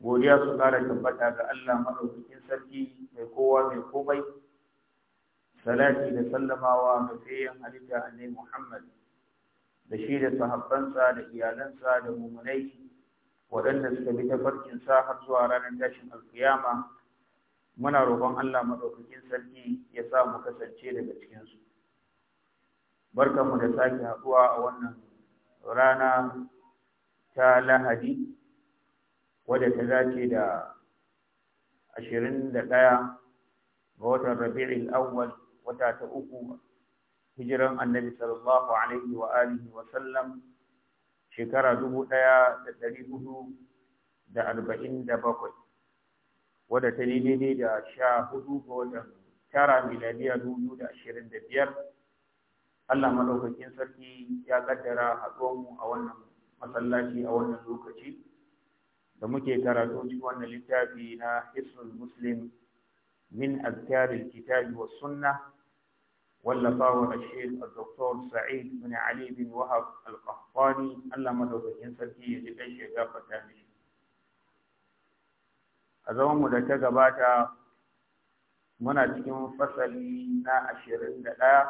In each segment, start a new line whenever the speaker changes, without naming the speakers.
godiya su ƙara tabbata ga Allah maɗaukakin sarki mai kowa mai komai salati da sallamawa ga tsayin halitta nai Muhammad da shi da sahabbansa da iyalansa da mumunai waɗanda suka bi farkin sa har zuwa ranar tashin alkiyama
muna roƙon Allah
maɗaukakin sarki ya sa mu kasance daga cikinsu barkanmu da sake haɗuwa a wannan rana ta lahadi wadda ta dace da ashirin da ɗaya ga watan rabi'il awwal wata ta uku hijiran annabi sallallahu alaihi wa alihi wa sallam shekara dubu ɗaya da ɗari hudu da arba'in da bakwai wadda ta daidai da sha hudu ga watan tara miladiya dubu da ashirin da biyar Allah maɗaukakin sarki ya kaddara haɗuwanmu a wannan masallaci a wannan lokaci da muke karatu cikin wannan littafi na Hisnul Muslim min azkaril kitabi wa sunnah wallafawa Sheikh Dr. Sa'id bin Ali bin Wahab Al-Qahtani Allah madaukakin sarki ya ji kai shiga fata ne a zaman mu da ta gabata muna cikin fasali na ashirin da ɗaya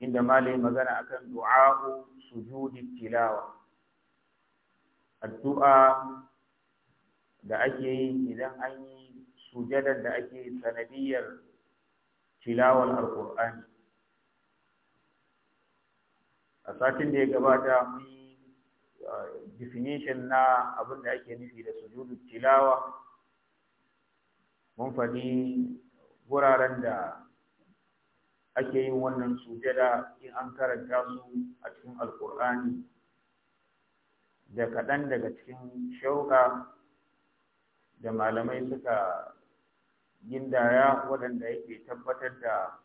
inda malai magana akan du'a'u sujudi tilawa addu'a da ake yi idan an yi sujadar da ake yi sanadiyar tilawar alkur'ani a satin da ya gabata mun yi uh, definition na abin da ake nufi da sujudu tilawa mun faɗi wuraren da ake yin wannan sujada in an karanta su a cikin alkur'ani da kaɗan daga cikin shauka da malamai suka gindaya waɗanda yake tabbatar da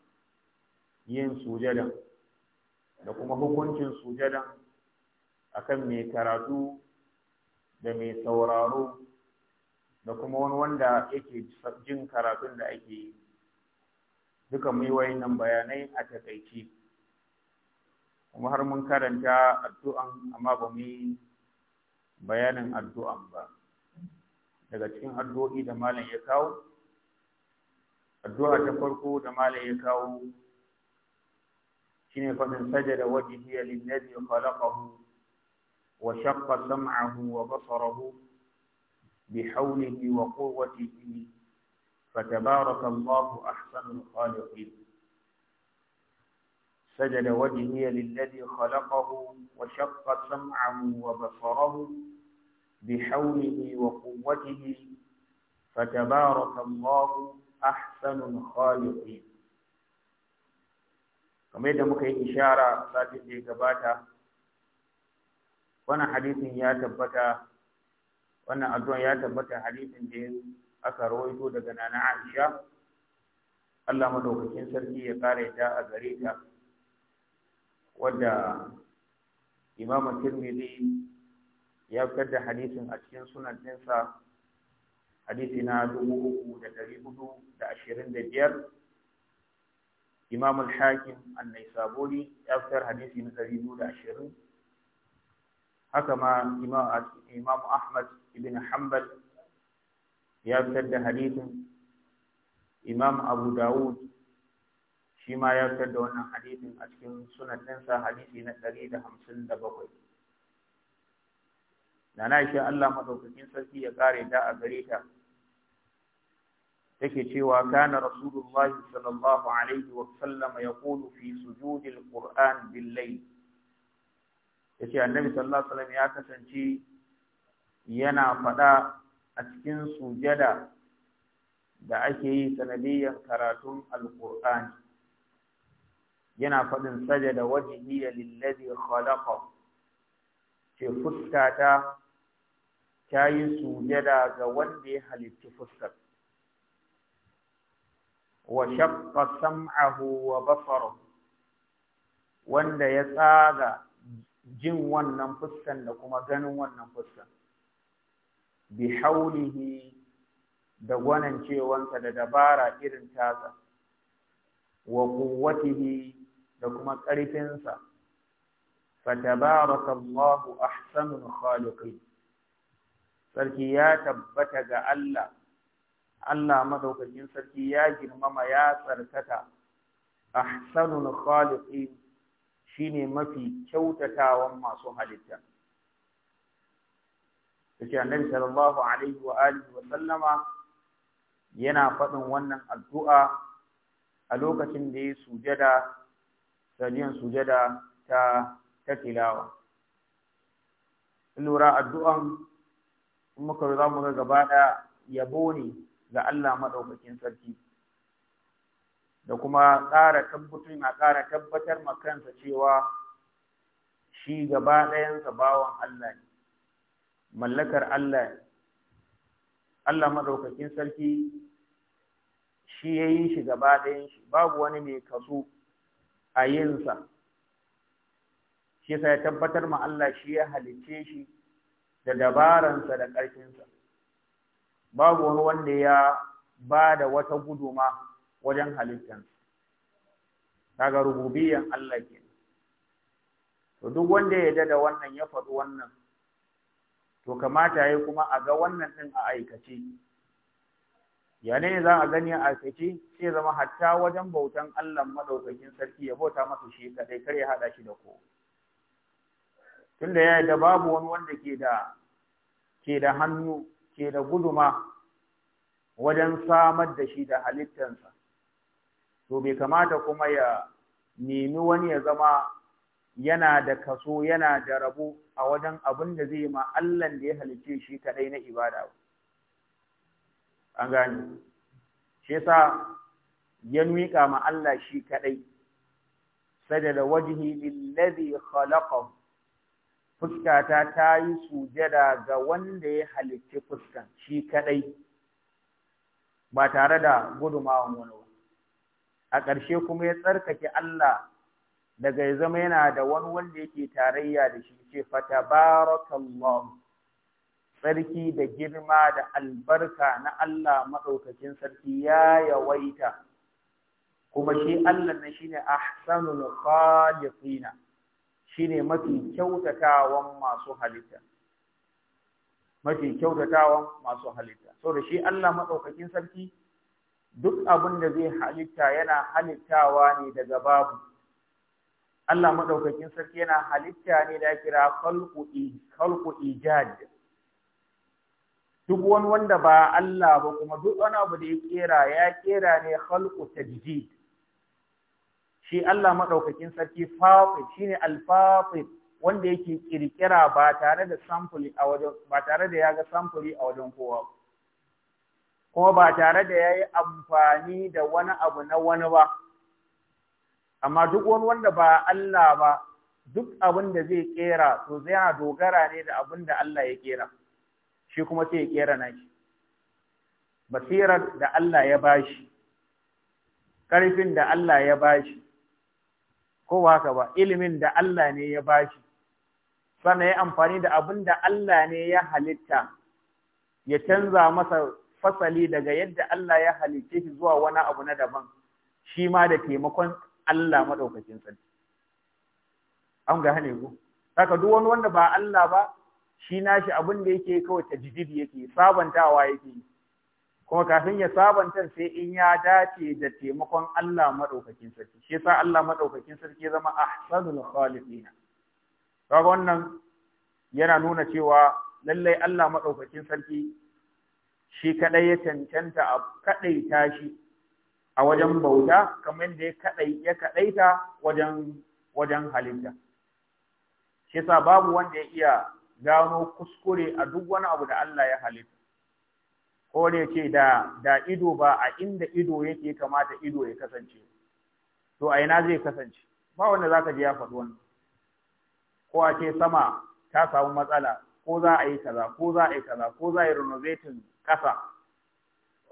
yin sujada da kuma hukuncin sujada akan mai karatu da mai sauraro da kuma wani wanda yake jin karatun da ake yi duka mu yi nan bayanai a takaici kuma har mun karanta addu'an amma ba mu yi bayanin addu'an ba daga cikin addu'o'i da malam ya kawo addu'a ta farko da malam ya kawo shine fadin sajada wajhiya lillazi khalaqahu wa shaqqa sam'ahu wa basarahu بحوله وقوته فتبارك الله أحسن الخالقين سجد وجهي للذي خلقه وشق سمعه وبصره wa بحوله وقوته فتبارك الله أحسن الخالقين kamar yadda muka yi ishara satin ya gabata wannan hadisin ya tabbata wannan addu'a ya tabbata hadisin da aka rawaito daga nana Aisha Allah madaukakin sarki ya kare ta a gare ta wadda Imam Tirmidhi ya fitar da hadisin a cikin sunan ɗinsa hadisi na dubu uku da ɗari hudu da ashirin da biyar imam al-hakim annai sabori ya fitar hadisi na ɗari hudu da ashirin haka ma imam ahmad ibn hanbal ya fitar da hadisin imam abu dawud shi ma ya fitar da wannan hadisin a cikin sunan ɗinsa hadisi na ɗari da hamsin da bakwai da na shi Allah madaukakin sarki ya kare ta a gare ta take cewa kana rasulullahi sallallahu alaihi wa sallam kulu fi sujudil qur'an bil layl yace annabi sallallahu alaihi ya kasance yana fada a cikin sujada da ake yi sanadiyyar karatun alqur'ani yana fadin sajada wajhiya lillazi khalaqa ce fuskata ta yi sujada ga wanda ya halitti fuskar wa shaqqa sam'ahu wa basarahu wanda ya tsaga jin wannan fuskan da kuma ganin wannan fuskan bi haulihi da gwanancewansa da dabara irin tasa wa quwwatihi da kuma ƙarfinsa fatabaraka Allahu ahsanul khaliqin sarki ya tabbata ga Allah Allah madaukakin sarki ya girmama ya tsarkaka ahsanul khaliqin shine mafi kyautatawan masu halitta sai annabi sallallahu alaihi wa alihi wa sallama yana faɗin wannan addu'a a lokacin da ya sujada sadiyan sujada ta ta tilawa lura addu'an in muka za mu ga gaba ɗaya yabo ne ga Allah maɗaukakin sarki da kuma ƙara tabbatar a ƙara tabbatar ma kansa cewa shi gaba ɗayansa bawan Allah ne mallakar Allah ne Allah maɗaukakin sarki shi ya yi shi gaba ɗayan shi babu wani mai kaso a yinsa shi ya tabbatar ma Allah shi ya halicce shi da dabaransa da ƙarfinsa babu wani wanda ya bada wata guduma wajen halittansa daga rububiyan Allah ke to duk wanda ya da wannan ya faɗi wannan to kamata ya kuma a ga wannan ɗin a aikace Ya ne za a gani a aikace sai zama hatta wajen bautan Allah maɗaukakin sarki ya bauta masa shi kaɗai kar ya haɗa shi da kowa tunda ya da babu wani wanda ke da ke da hannu ke da guduma wajen samar da shi da halittansa to bai kamata kuma ya nemi wani ya zama yana da kaso yana da rabo a wajen abin da zai ma Allah da ya halice shi kadai na ibada an gane shi yasa ya miƙa ma Allah shi kadai sadada wajhi lillazi khalaqahu fuskata ta yi sujada ga wanda ya halicci fuskan shi kadai ba tare da gudumawan wani ba a ƙarshe kuma ya tsarkake Allah daga ya zama yana da wani wanda yake tarayya da shi ce fatabarakallahu sarki da girma da albarka na Allah maɗaukakin sarki ya yawaita kuma shi Allah na shine ahsanul khaliqina shine mafi kyautatawan masu halitta mafi kyautatawan masu halitta saboda shi Allah madaukakin sarki duk abin da zai halitta yana halittawa ne daga babu Allah madaukakin sarki yana halitta ne da kira khalqu khalqu ijad duk wani wanda ba Allah ba kuma duk wani abu da ya kera ya kera ne khalqu tajdid shi Allah maɗaukakin sarki fafi shine alfafi wanda yake kirkira ba tare da samfuri a wajen ba tare da ya ga samfuri a wajen kowa ko ba tare da ya yi amfani da wani abu na wani ba amma duk wani wanda ba Allah ba duk abin da zai kera to zai yana dogara ne da abin da Allah ya kera shi kuma sai ya kera nashi basirar da Allah ya bashi karfin da Allah ya bashi ko ba haka ba ilimin da Allah ne ya bashi sannan ya amfani da abin da Allah ne ya halitta ya canza masa fasali daga yadda Allah ya halicce shi zuwa wani abu na daban shi ma da taimakon Allah maɗaukakin sarki an ga hane ku haka duk wani wanda ba Allah ba shi nashi abin da yake kawai tajdid yake sabantawa yake yi. kuma kafin ya sabanta sai in ya dace da taimakon Allah maɗaukakin sarki shi yasa Allah maɗaukakin sarki ya zama ahsanul khaliqin kaga wannan yana nuna cewa lallai Allah maɗaukakin sarki shi kadai ya cancanta a kadai tashi a wajen bauta kamar yadda ya kadai ya kadaita wajen wajen halitta shi yasa babu wanda ya iya gano kuskure a duk wani abu da Allah ya halitta ko ne ce da da ido ba a inda ido yake kamata ido ya kasance to a ina zai kasance ba wanda zaka je ya faɗi wannan ko a ce sama ta samu matsala ko za a yi kaza ko za a yi kaza ko za a yi renovating kasa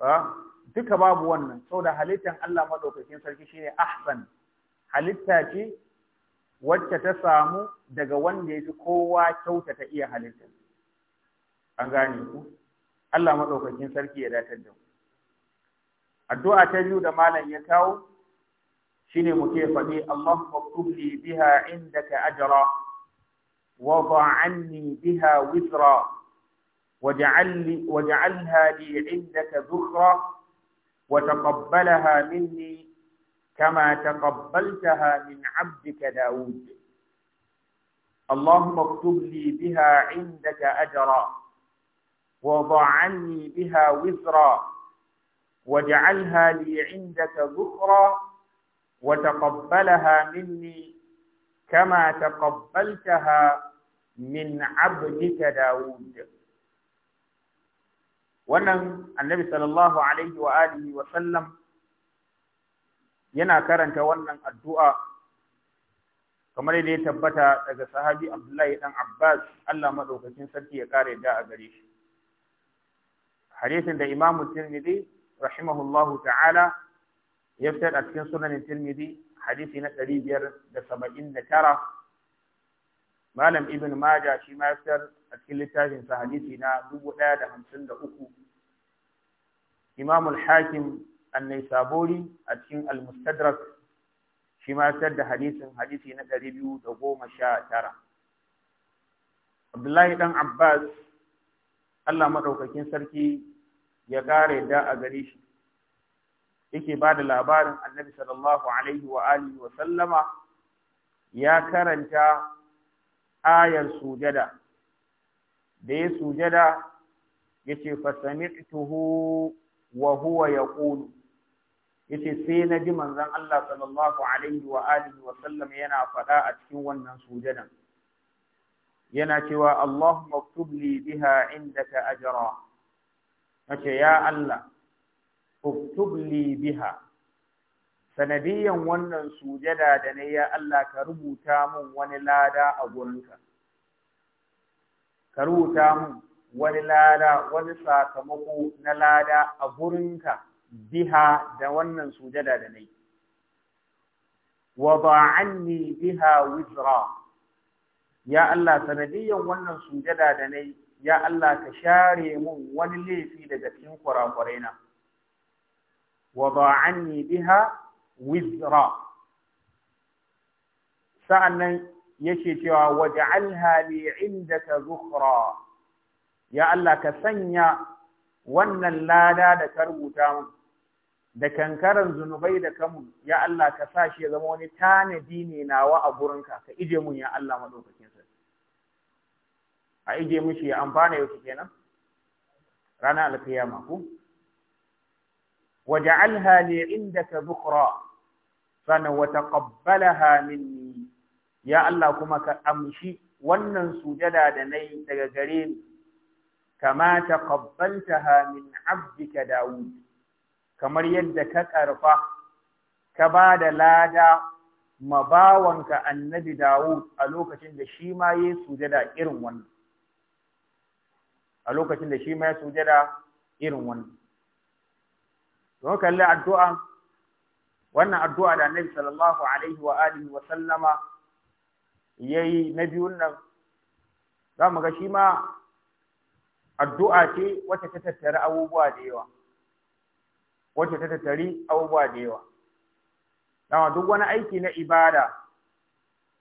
ah, duka babu wannan saboda halittar Allah madaukakin sarki shine ahsan halitta ce wacce ta samu daga wanda ya fi kowa ta iya halittar an gane ku Allah madaukakin sarki ya datar da mu. Addu'a ta biyu da malam ya kawo shine mu ke faɗi Allah maktub li biha indaka ajra wa anni biha wizra waj'alha li indaka dhukra wa taqabbalaha minni kama taqabbaltaha min 'abdika Dawud. اللهم اكتب لي بها عندك أجرا وضع عني بها وزرا واجعلها لي عندك ذخرا وتقبلها مني كما تقبلتها من عبدك داود wannan annabi sallallahu alaihi wa alihi wa sallam yana karanta wannan addu'a kamar yadda ya tabbata daga sahabi Abdullahi dan Abbas Allah madaukakin sarki ya kare da a gare shi hadisin da imamu tirmidhi rahimahullahu ta'ala ya fitar a cikin sunanin tirmidhi hadisi na ɗari biyar da saba'in da tara malam ibn maja shi ma ya fitar a cikin littafin sa hadisi na dubu ɗaya da hamsin da uku imamul hakim annai a cikin almustadrak shi ma ya fitar da hadisin hadisi na ɗari biyu da goma sha tara abdullahi ɗan abbas Allah maɗaukakin sarki ya ƙara da a gare shi yake ba da labarin annabi sallallahu alaihi wa alihi wa sallama ya karanta ayar sujada da ya sujada ya ce fasami'tuhu wa huwa yaqulu yace sai na ji manzon Allah sallallahu alaihi wa alihi wa sallama yana faɗa a cikin wannan sujadan yana cewa Allahumma ktubli biha indaka ajra nace ya Allah ktubli biha sanadiyan wannan sujada da ne ya Allah ka rubuta mun wani lada a gurinka ka rubuta mun wani lada wani sakamako na lada a gurinka biha da wannan sujada da ne wa ba'anni biha wizra ya Allah sanadiyyan wannan sujada da yi ya Allah ka share mun wani laifi daga cikin kurakuraina ni biha wizra sa'annan yake cewa waj'alha inda ka zukhra ya Allah ka sanya wannan lada da ka rubuta mun da kankaran zunubai da kamun ya Allah ka sa shi ya zama wani tanadi ne nawa a gurinka ka ije mun ya Allah madaukaki a ije mushi ya amfana yau kenan ranar alkiyama ku waja'alha li indaka bukhra sana wa taqabbalaha minni ya Allah kuma ka amshi wannan sujada da nayi daga gare ni kama taqabbaltaha min 'abdika Dawud kamar yadda ka karfa ka bada lada mabawanka annabi Dawud a lokacin da shi ma yayi sujada irin wannan a lokacin da shi ma ya sujada irin wannan to kalli addu'a wannan addu'a da Annabi sallallahu alaihi wa alihi wa sallama yayi na biyun nan za mu ga shi ma addu'a ce wacce ta tattari abubuwa da yawa wacce ta tattari abubuwa da yawa dama duk wani aiki na ibada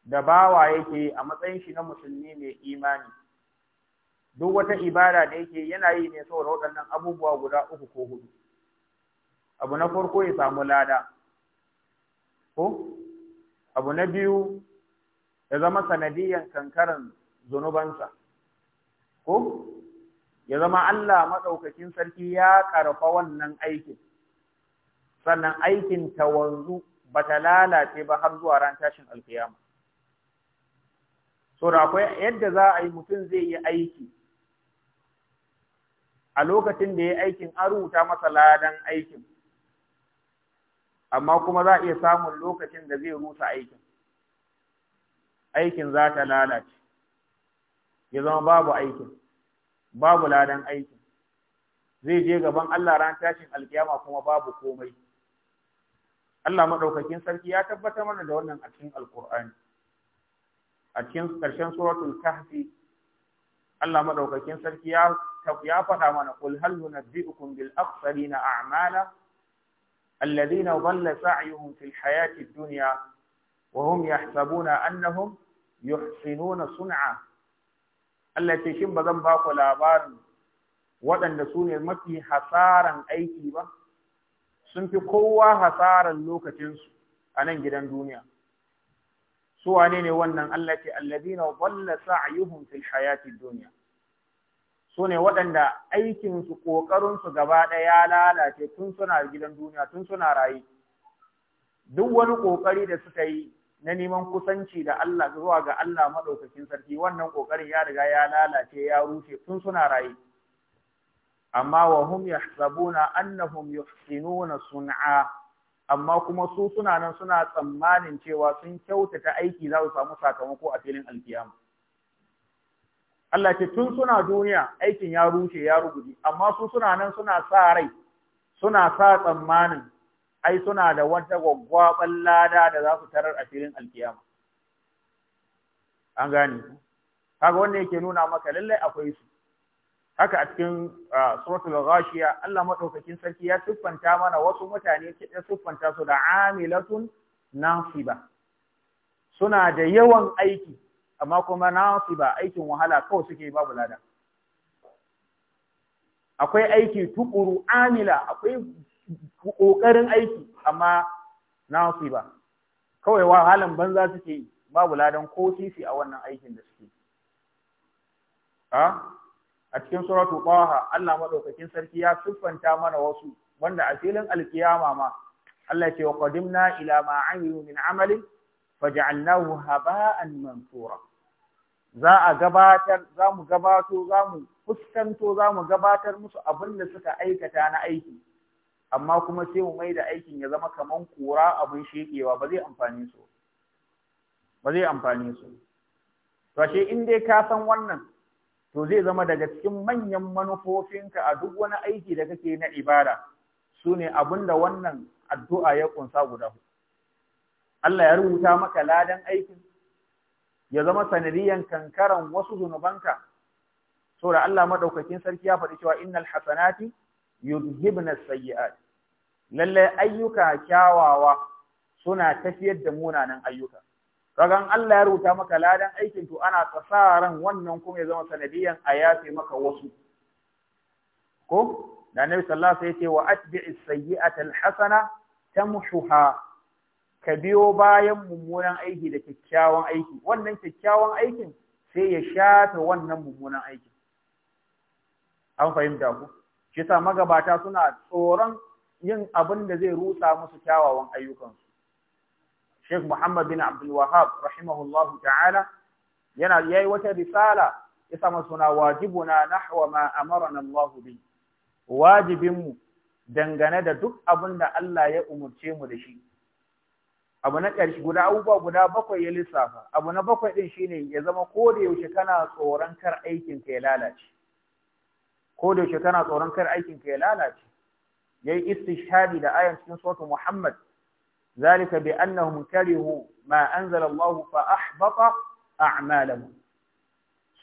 da bawa yake a matsayin shi na musulmi mai imani duk wata ibada da yake yana yi ne saboda waɗannan abubuwa guda uku ko hudu abu na farko ya samu lada ko abu na biyu ya zama sanadiyan kankaran zunubansa ko ya zama Allah maɗaukakin sarki ya ƙarfa wannan aikin sannan aikin ta wanzu ba ta lalace ba har zuwa ran tashin alkiyama so akwai yadda za a yi mutum zai yi aiki a lokacin da ya yi aikin an rubuta masa ladan aikin amma kuma za a iya samun lokacin da zai rusa aikin aikin za ta lalace ya zama babu aikin babu ladan aikin zai je gaban Allah ran tashin alkiyama kuma babu komai Allah madaukakin sarki ya tabbatar mana da wannan a cikin alkur'ani a cikin ƙarshen suratul kahfi Allah madaukakin sarki ya ya faɗa mana kul hal nunabbi'ukum bil akhsarina a'mala alladhina dhalla sa'yuhum fil hayati duniya. dunya wa hum yahsabuna annahum yuhsinuna sun'a Allah ce shin bazan ba ku labarin waɗanda su ne mafi hasaran aiki ba sun fi kowa hasaran lokacinsu a nan gidan duniya su wane ne wannan Allah ce allazina dhalla sa'yuhum fil hayati dunya su ne waɗanda aikin su kokarin su gaba ɗaya ya lalace tun suna gidan duniya tun suna rayu duk wani kokari da suka yi na neman kusanci da Allah zuwa ga Allah madaukakin sarki wannan kokarin ya riga ya lalace ya rushe tun suna rayu amma wa hum yahsabuna annahum yuhsinuna sun'a amma kuma su suna nan suna tsammanin cewa sun kyautata aiki za su samu sakamako a filin alkiyama Allah ce tun suna duniya aikin ya rushe ya rubuce amma su suna nan suna sa rai suna sa tsammanin ai suna da wata gwaggwaban lada da za su tarar a filin alkiyama an gane kaga wannan yake nuna maka lallai akwai su haka a cikin suratul ghashiya Allah madaukakin sarki ya siffanta mana wasu mutane ya siffanta su da amilatun nasiba suna da yawan aiki amma kuma nasiba aikin wahala kawai suke babu lada akwai aiki tukuru amila akwai kokarin aiki amma nasiba kawai wahalan banza suke babu ladan ko sisi a wannan aikin da suke a a cikin suratu Baha Allah madaukakin sarki ya siffanta mana wasu wanda a filin alkiyama ma Allah ce wa qadimna ila ma amilu min amalin faj'alnahu haba'an mansura za a gabatar za mu gabato za fuskanto za mu gabatar musu abin da suka aikata na aiki amma kuma sai mu mai da aikin ya zama kaman kura abin shekewa ba zai amfane su ba zai amfane su to in dai ka san wannan to zai zama daga cikin manyan manufofinka a duk wani aiki da kake na ibada su ne abin da wannan addu'a ya ƙunsa guda Allah ya rubuta maka ladan aikin ya zama sanadiyan kankaran wasu zunubanka So da Allah maɗaukakin sarki ya faɗi cewa innal hasanati yudhibna as-sayyi'at lalle ayyuka kyawawa suna tafiyar da munanan ayyuka Ragan Allah ya rubuta maka ladan aikin to ana tsasaran wannan kuma ya zama sanadiyan a yafe maka wasu ko da annabi sallallahu alaihi wasallam yace wa atbi'is sayyi'ata alhasana tamhuha ka biyo bayan mummunan aiki da kyakkyawan aiki wannan kyakkyawan aikin sai ya shafe wannan mummunan aikin an fahimta ku shi sa magabata suna tsoron yin abin da zai rusa musu kyawawan ayyukansu Sheikh Muhammad bin Abdul Wahab rahimahullahu ta'ala yana yayi wata risala ya sama suna wajibuna nahwa ma amarana Allah bi wajibin mu dangane da duk abin da Allah ya umurce mu da shi abu na ƙarshe guda abubuwa guda bakwai ya lissafa abu na bakwai din shine ya zama ko da yaushe kana tsoron kar aikin ka ya lalace ko da yaushe kana tsoron kar aikin ka ya lalace yayi istishhadi da ayan cikin suratul Muhammad ذلك بأنهم كرهوا ما أنزل الله فأحبط أعمالهم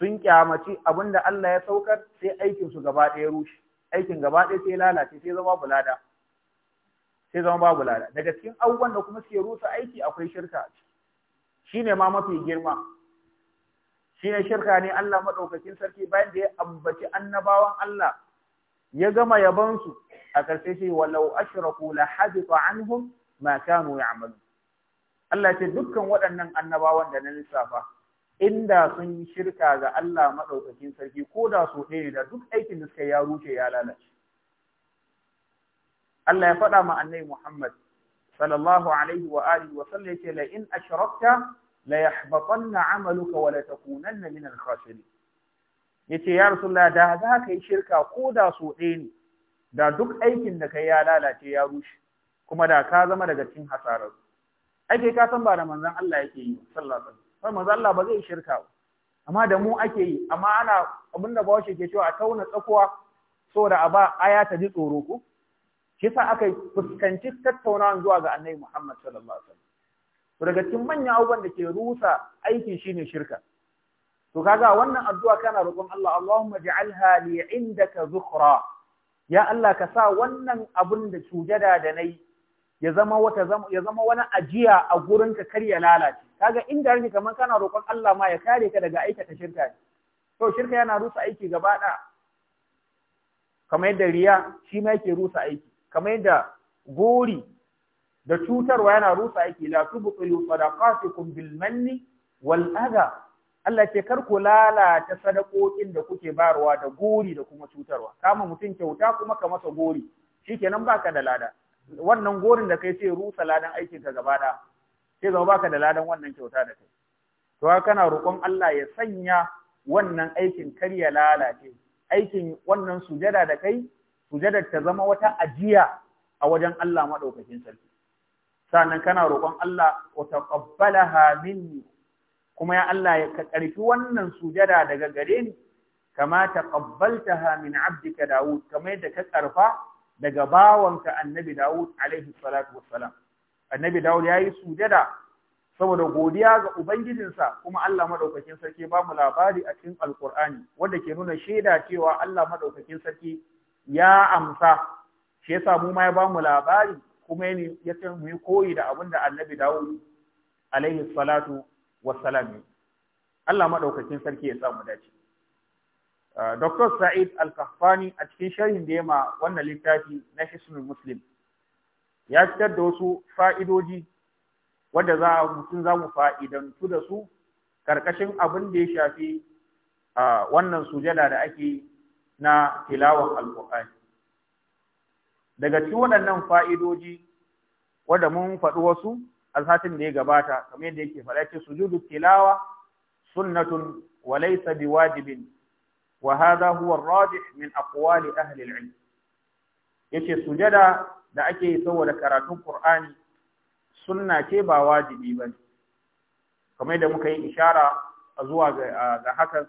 sun kyamaci abin da Allah ya saukar sai aikin su gaba ɗaya rushe aikin gaba ɗaya sai lalace sai zama babu lada sai zama babu lada daga cikin abubuwan da kuma suke rusa aiki akwai shirka shine ma mafi girma shine shirka ne Allah madaukakin sarki bayan da ya ambaci annabawan Allah ya gama yabansu a ƙarshe sai walau ashraku la hadita anhum ma kanu ya'malu Allah ce dukkan waɗannan annabawan da na lissafa inda sun yi shirka ga Allah madaukakin sarki ko da so ɗaya ne da duk aikin da suka ya rushe ya lalace Allah ya faɗa ma annabi Muhammad sallallahu alaihi wa alihi wa sallam yace la in ashrakta la yahbatanna 'amaluka wa la takunanna min al-khasirin yace ya rasulullah da za ka yi shirka ko da so ɗaya ne da duk aikin da kai ya lalace ya rushe kuma da ka zama daga cikin hasarar ake ka san ba da manzon Allah yake yi sallallahu alaihi wasallam manzon Allah ba zai shirka ba amma da mu ake yi amma ana abinda ba ke cewa a tauna tsakuwa saboda a ba aya ta ji tsoro ko shi yasa aka fuskanci tattaunawa zuwa ga Annabi Muhammad sallallahu alaihi wasallam to daga cikin manyan abubuwan da ke rusa aiki shine shirka to kaga wannan addu'a kana roƙon Allah Allahumma ja'alha li indaka zukhra ya Allah ka sa wannan abun da sujada da nayi ya zama wata ya zama wani ajiya a gurin ka kar ya lalace kaga inda kake kamar kana roƙon Allah ma ya kare ka daga aikata shirka ne to shirka yana rusa aiki gaba da kamar yadda riya shi ma yake rusa aiki kamar yadda gori da cutarwa yana rusa aiki la tubqilu sadaqatikum bil manni wal adha Allah ce kar ku lalata sadakokin da kuke barwa da gori da kuma cutarwa kama mutum kyauta kuma ka masa gori shikenan baka da lada wannan gorin da kai sai rusa ladan aikin ka gaba da sai zama baka da ladan wannan kyauta da kai to kana roƙon Allah ya sanya wannan aikin kar ya lalace aikin wannan sujada da kai sujadar ta zama wata ajiya a wajen Allah madaukakin sarki sannan kana roƙon Allah wa taqabbalaha minni kuma ya Allah ya karfi wannan sujada daga gare ni kama taqabbaltaha min abdika daud kamar yadda ka karfa daga bawanka annabi Dawud alaihi salatu wassalam annabi Dawud yayi sujada saboda godiya ga ubangijinsa kuma Allah madaukakin sarki ba mu labari a cikin alqur'ani wanda ke nuna shaida cewa Allah madaukakin sarki ya amsa shi yasa mu ma ya ba mu labari kuma ne ya san mu koyi da abin da annabi Dawud alaihi salatu wassalam Allah madaukakin sarki ya samu dace Uh, Dr. Sa'id Al-Kahfani a cikin sharhin da yama wannan littafi na Hisnul Muslim ya fitar da wasu fa'idoji wadda za mutum za mu fa'idantu da su karkashin abin da ya shafi wannan sujada da ake na tilawan al-Qur'an. Daga cikin waɗannan fa'idoji wadda mun faɗi wasu alhatin da ya gabata kamar yadda yake faɗa ce sujudu tilawa sunnatun wa laysa biwajibin wa hadha huwa rajih min aqwali ahli al-ilm yace sujada da ake yi saboda karatun Qur'ani sunna ce ba wajibi ba ne. kamar da muka yi ishara zuwa ga hakan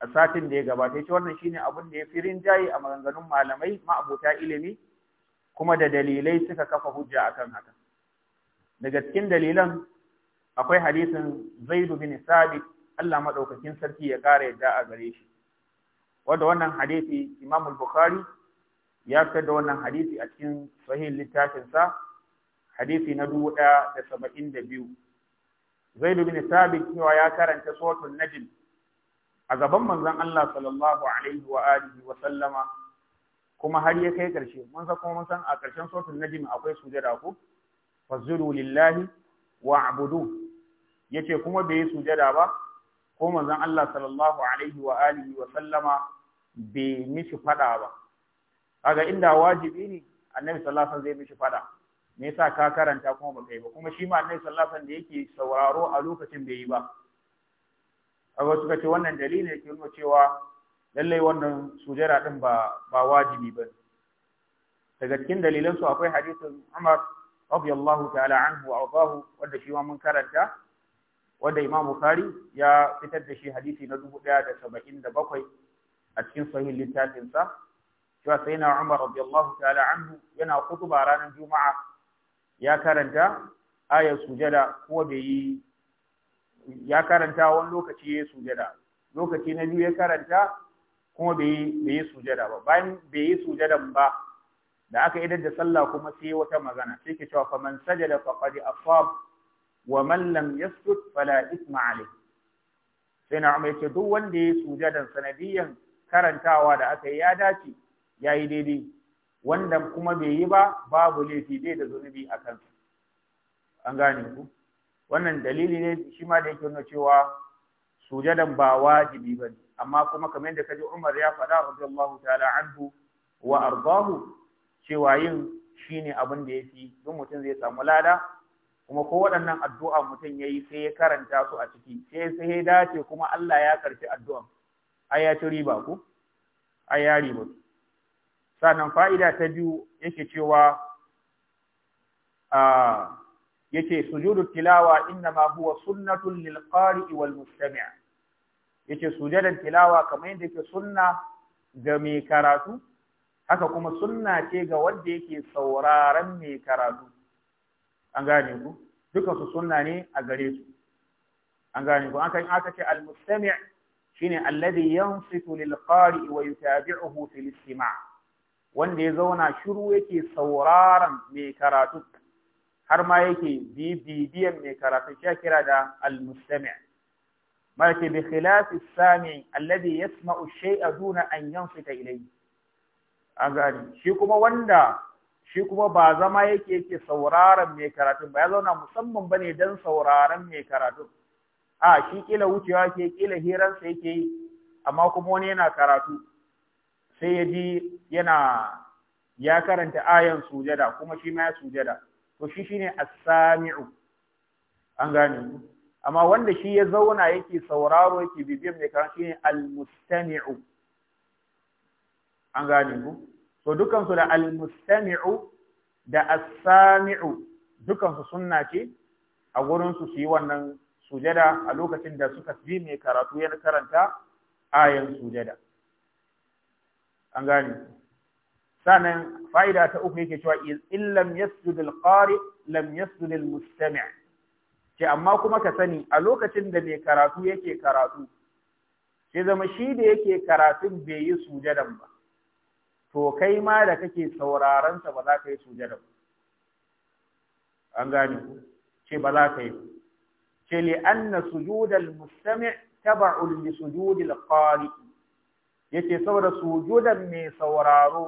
a satin da ya gabata yace wannan shine abun da ya fi rinjaye a maganganun malamai ma'abota ilimi kuma da dalilai suka kafa hujja akan haka. daga cikin dalilan akwai hadisin Zaid bin Sabit Allah madaukakin sarki ya kare yadda a gare shi wanda wannan hadisi Imam al-Bukhari ya fitar da wannan hadisi a cikin sahih littafin sa hadisi na 172 Zaid bin Thabit cewa ya karanta suratul Najm a gaban manzon Allah sallallahu alaihi wa alihi wa sallama kuma har ya kai karshe mun san kuma mun san a karshen suratul Najm akwai sujada ko fazuru lillahi wa'budu yace kuma bai sujada ba ko manzon Allah sallallahu alaihi wa alihi wa sallama bai mishi fada ba kaga inda wajibi ne annabi sallallahu alaihi wasallam zai mishi fada me yasa ka karanta kuma baka yi ba kuma shi ma annabi sallallahu alaihi wasallam da yake sauraro a lokacin bai yi ba kaga suka ce wannan dalilin yake nuna cewa lallai wannan sujara din ba ba wajibi ba daga cikin dalilan su akwai hadisin Umar radiyallahu ta'ala anhu wa adahu wanda shi ma mun karanta wanda Imam Bukhari ya fitar da shi hadisi na 1077 a cikin sahihin littafin sa cewa sai na Umar radiyallahu ta'ala anhu yana kutuba ranar Juma'a ya karanta ayar sujada ko bai yi ya karanta wani lokaci ya sujada lokaci na biyu ya karanta kuma bai yi sujada ba bayan bai yi sujadan ba da aka idar da sallah kuma sai wata magana sai ke cewa faman sajada faqad asab wa man lam yasjud fala isma alayh sai na umar ce duk wanda ya yi sujadan sanadiyan karantawa da aka yi ya dace ya yi daidai wanda kuma bai yi ba babu laifi bai da zunubi a kansu an gane ku wannan dalili ne shi ma da yake nuna cewa sujadan ba wajibi ba amma kuma kamar yadda kaji Umar ya faɗa radiyallahu ta'ala anhu wa ardahu cewa yin shine abin da yafi don mutum zai samu lada kuma ko waɗannan addu'a mutum yayi sai ya karanta su a ciki sai sai dace kuma Allah ya karfi addu'a ai ya ci riba ko ai ya riba sannan fa'ida ta biyu yake cewa a yake sujudu tilawa innama huwa sunnatun lil qari'i wal mustami' yake sujudan tilawa kamar yadda yake sunna ga mai karatu haka kuma sunna ce ga wanda yake sauraron mai karatu an gane ku dukan su sunna ne a gare su an gane ku an kan aka ce al mustami' shine alladhi yansitu lil wa yutabi'uhu fil istima' wanda ya zauna shiru yake sauraron mai karatu har ma yake bibiyan mai karatu shi kira da al mustami' ma ke bi khilafi sami alladhi yasma'u shay'a duna an yansita ilayhi an shi kuma wanda shi kuma ba zama yake yake sauraron mai karatu ba ya zauna musamman bane dan sauraron mai karatu a shi kila wucewa ke kila hiransa yake yi amma kuma wani yana karatu sai ya ji yana ya karanta ayan sujada kuma shi ma ya sujada to shi shine as-sami'u an gane amma wanda shi ya zauna yake sauraro yake bibiyar mai karatu shine al-mustami'u an gane ku to dukan su da al-mustami'u da as-sami'u dukan su sunna ce a gurin su yi wannan sujada a lokacin da suka bi mai karatu ya karanta ayan sujada an gani. sanan fa'ida ta uku yake cewa in lam yasjud ƙari, lam yasjud al-mustami' ce amma kuma ka sani a lokacin da mai karatu yake karatu sai zama shi da yake karatun bai yi sujadan ba to kai ma da kake sauraron sa ba za ka yi sujadan ba an gani, ce ba za ka yi ce li anna sujudal mustami' tab'un li sujudil qari yace saboda sujudan mai sauraro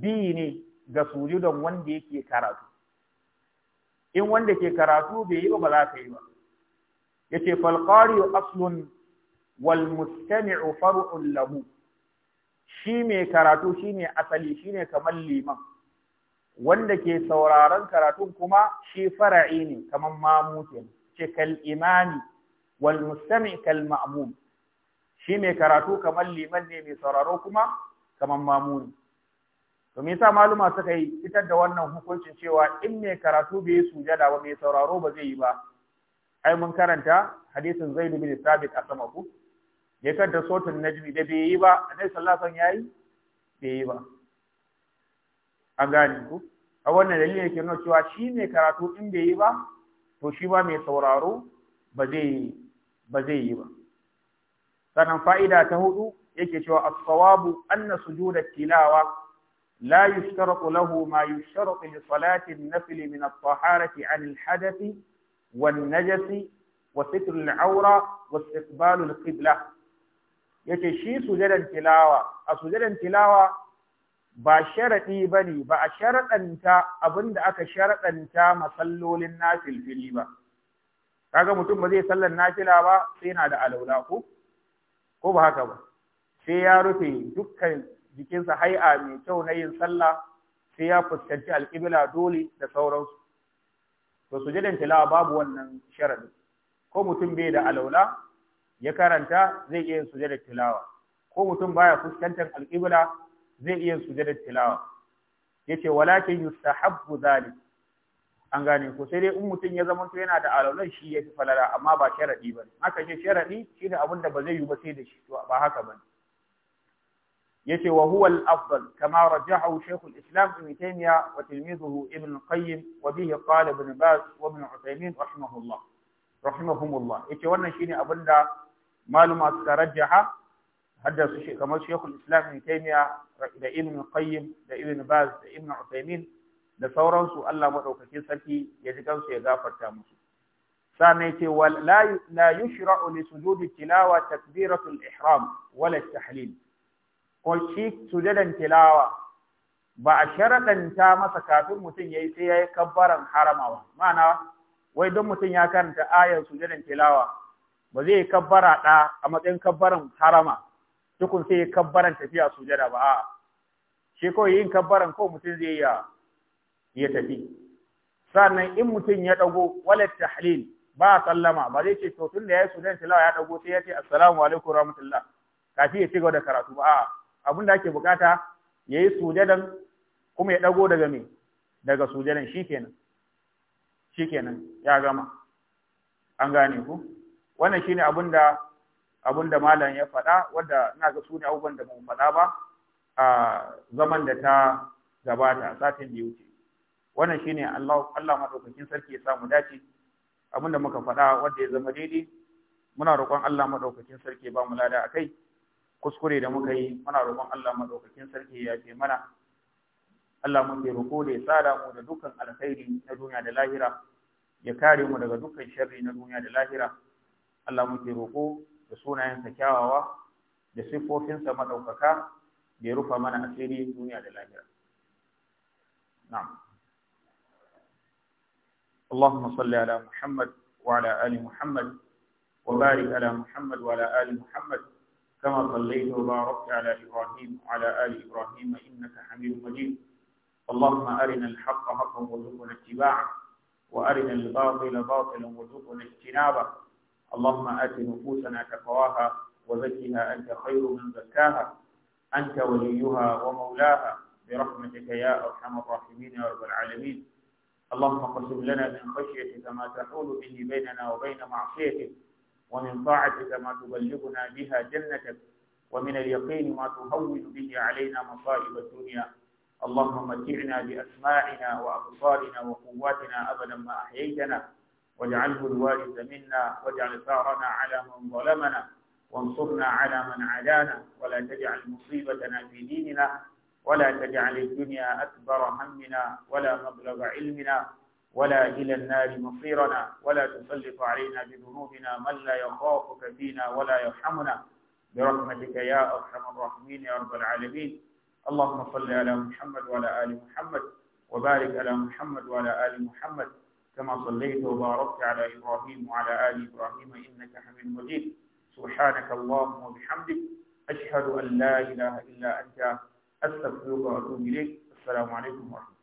bi ne ga sujudan wanda yake karatu in wanda ke karatu bai yi ba ba za ka yi ba yace falkari a aslun wal mustami'u far'un lahu shi mai karatu shi ne asali shi ne kamar liman wanda ke sauraron karatun kuma shi fara'i ne kamar mamu kenan ce kal wal mustami kal ma'mum shi mai karatu kamar liman ne mai sauraro kuma kamar mamuni to me yasa maluma suka yi fitar da wannan hukuncin cewa in mai karatu bai yi sujada ba mai sauraro ba zai yi ba ai mun karanta hadisin Zaid bin sabit a sama ku ya da sotun najmi da bai yi ba annabi sallallahu alaihi wasallam yayi bai yi ba an gane ku a wannan dalilin yake nuna cewa shi ne karatu in bai yi ba to shi ba mai sauraro ba zai yi ba sannan fa'ida ta hudu yake cewa as-sawabu anna sujuda tilawa la yushtaratu lahu ma yushtaratu li salatin na al-hadathi wan-najasi wa sitr aura, wa istiqbal qibla yace shi sujudan tilawa a sujudan tilawa ba sharaɗi ba ne ba a sharaɗanta abinda aka sharaɗanta masallolin nafilfili ba kaga mutum ba zai sallar nafila ba sai yana da alaula ko ko ba haka ba sai ya rufe dukkan jikinsa hai'a mai kyau na yin sallah sai ya fuskanci alƙibla dole da sauransu to sujudan tilawa babu wannan sharadi ko mutum bai da alaula ya karanta zai iya sujudar tilawa ko mutum baya fuskantar alƙibla zai iya sujada tilawa yace walakin yustahabbu zalik an gane ko sai dai in mutum ya zama yana da alalan shi ya falala amma ba sharadi ba haka ce sharadi shine abin da ba zai yi ba sai da shi to ba haka ba yace wa huwa al-afdal kama rajahu shaykh al-islam ibn taymiya wa tilmizuhu ibn qayyim wa bihi qala ibn baz wa ibn utaymin rahimahullah rahimahumullah yace wannan shine abin da maluma suka rajaha haddasu shi kamar shekul islam ibn taymiya da ibn qayyim da ibn baz da ibn usaymin da sauransu Allah madaukakin sarki ya ji kansu ya gafarta musu sannan yace wal la la yushra'u li sujudi tilawa takbiratul ihram wala tahlil ko shi sujudan tilawa ba a sharaɗanta masa kafin mutum yayi sai yayi kabbaran haramawa ma'ana wai don mutum ya karanta ayar sujudan tilawa ba zai kabbara ɗa a matsayin kabbaran harama tukun sai ya kabbaran tafiya sujada ba a shi kawai yin kabbaran ko mutum zai ya ya tafi sannan in mutum ya dago walat tahlil ba sallama ba zai ce to tun da yayi sunan tilawa ya dago sai ya ce assalamu alaikum rahmatullah kafi ya ci gaba da karatu ba a abin da ake bukata yayi sujadan kuma ya dago daga me daga sujadan shikenan shikenan ya gama an gane ku wannan shine abin da da malam ya faɗa wadda ina ga su ne abubuwan da mu faɗa ba a zaman da ta gabata satin da wuce wannan shine Allah Allah madaukakin sarki ya samu dace abinda muka faɗa wadda ya zama daidai muna roƙon Allah madaukakin sarki ya ba mu lada akai kuskure da muka yi muna roƙon Allah madaukakin sarki ya ce mana Allah mun bai roƙo da ya sada mu da dukkan alkhairi na duniya da lahira ya kare mu daga dukkan sharri na duniya da lahira Allah mun bai roƙo da sunayensa kyawawa da siffofinsa maɗaukaka da ya rufa mana asiri duniya da lahira. Na'am. اللهم صل على محمد وعلى آل محمد وبارك على محمد وعلى آل محمد كما صليت وباركت على إبراهيم وعلى آل إبراهيم إنك حميد مجيد اللهم أرنا الحق حقا وارزقنا اتباعه وأرنا الباطل باطلا وارزقنا اجتنابه اللهم آت نفوسنا تقواها وزكها أنت خير من زكاها أنت وليها ومولاها برحمتك يا أرحم الراحمين يا رب العالمين اللهم قسم لنا من خشيتك ما تحول به بيننا وبين معصيتك ومن طاعتك ما تبلغنا بها جنتك ومن اليقين ما تهون به علينا مصائب الدنيا اللهم متعنا بأسماعنا وأبصارنا وقواتنا أبدا ما أحييتنا واجعله الوارث منا واجعل ثارنا على من ظلمنا وانصرنا على من عادانا ولا تجعل مصيبتنا في ديننا ولا تجعل الدنيا أكبر همنا ولا مبلغ علمنا ولا إلى النار مصيرنا ولا تسلط علينا بذنوبنا من لا يخافك فينا ولا يرحمنا برحمتك يا أرحم الراحمين يا رب العالمين اللهم صل على محمد وعلى آل محمد وبارك على محمد وعلى آل محمد كما صليت وباركت على إبراهيم وعلى آل إبراهيم إنك حميد مجيد سبحانك اللهم وبحمدك أشهد أن لا إله إلا أنت أستغفرك وأتوب إليك السلام عليكم ورحمة الله